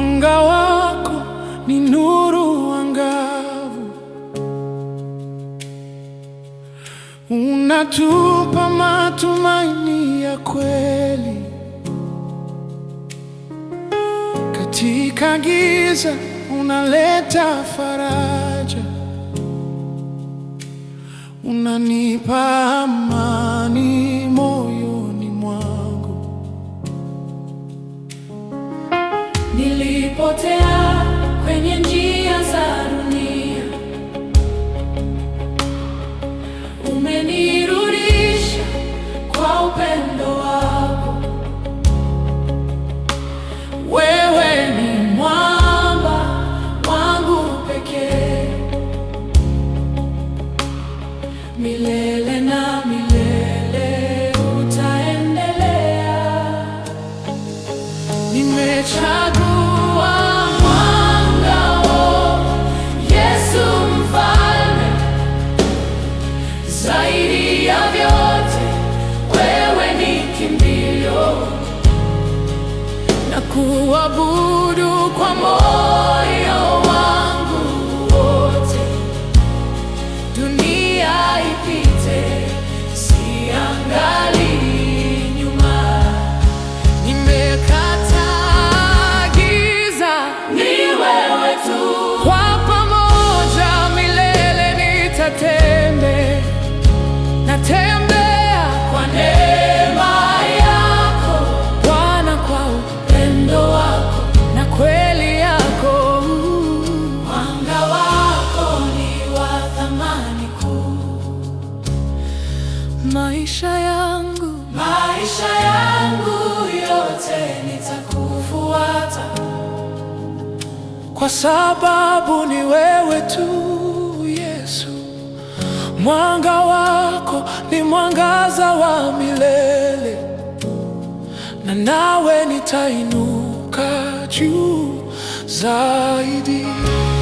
Mwanga wako ni nuru angavu, unatupa matumaini ya kweli katika giza, unaleta faraja, unanipa amani. sabun kwa sababu ni wewe tu Yesu, mwanga wako ni mwangaza wa milele, na nawe nitainuka juu zaidi.